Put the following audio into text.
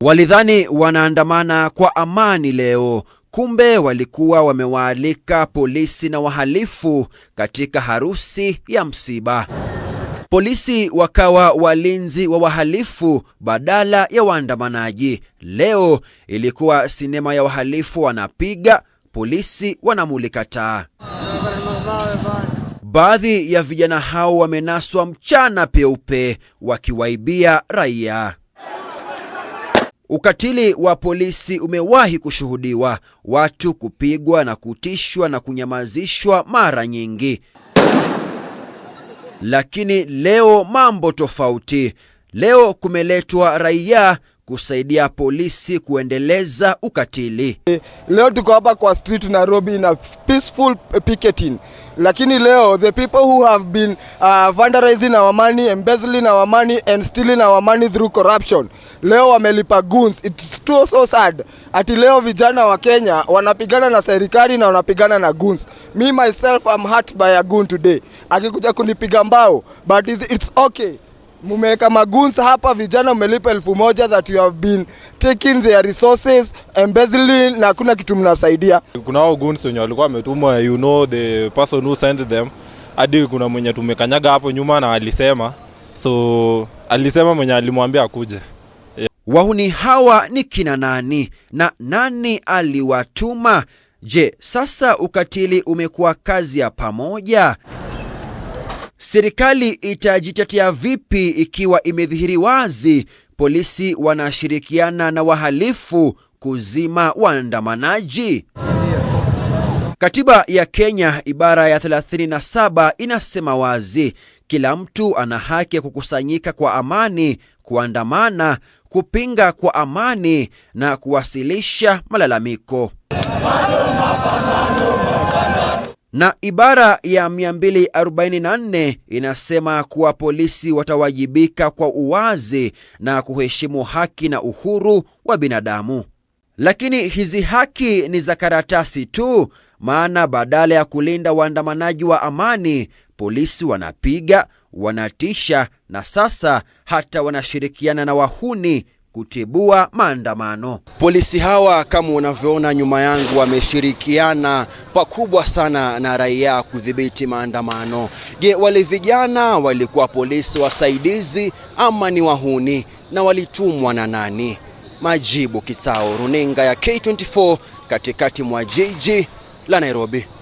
Walidhani wanaandamana kwa amani leo, kumbe walikuwa wamewaalika polisi na wahalifu katika harusi ya msiba. Polisi wakawa walinzi wa wahalifu badala ya waandamanaji. Leo ilikuwa sinema ya wahalifu wanapiga, polisi wanamulika taa. Baadhi ya vijana hao wamenaswa mchana peupe wakiwaibia raia. Ukatili wa polisi umewahi kushuhudiwa, watu kupigwa na kutishwa na kunyamazishwa mara nyingi, lakini leo mambo tofauti. Leo kumeletwa raia kusaidia polisi kuendeleza ukatili. Leo tuko hapa kwa street Nairobi na peaceful picketing, lakini leo the people who have been uh, vandalizing our money, embezzling our money and stealing our money through corruption leo wamelipa goons. It's too so sad ati leo vijana wa Kenya wanapigana na serikali na wanapigana na goons. Me myself I'm hurt by a goon today, akikuja kunipiga mbao but it's okay mumeweka magunsa hapa, vijana mmelipa elfu moja that you have been taking their resources embezzling, na hakuna kitu mnasaidia. Kuna wao guns wenye walikuwa wametumwa, you know the person who sent them, hadi kuna mwenye tumekanyaga hapo nyuma na alisema so alisema mwenye alimwambia akuje. Yeah. Wahuni hawa ni kina nani na nani aliwatuma? Je, sasa ukatili umekuwa kazi ya pamoja? Serikali itajitetea vipi ikiwa imedhihiri wazi polisi wanashirikiana na wahalifu kuzima waandamanaji? Katiba ya Kenya ibara ya 37 inasema wazi, kila mtu ana haki ya kukusanyika kwa amani, kuandamana, kupinga kwa amani na kuwasilisha malalamiko na ibara ya 244 inasema kuwa polisi watawajibika kwa uwazi na kuheshimu haki na uhuru wa binadamu. Lakini hizi haki ni za karatasi tu, maana badala ya kulinda waandamanaji wa amani, polisi wanapiga, wanatisha na sasa hata wanashirikiana na wahuni kutibua maandamano. Polisi hawa kama unavyoona nyuma yangu wameshirikiana pakubwa sana na raia kudhibiti maandamano. Je, wale vijana walikuwa polisi wasaidizi ama ni wahuni na walitumwa na nani? Majibu Kisao, runinga ya K24 katikati mwa jiji la Nairobi.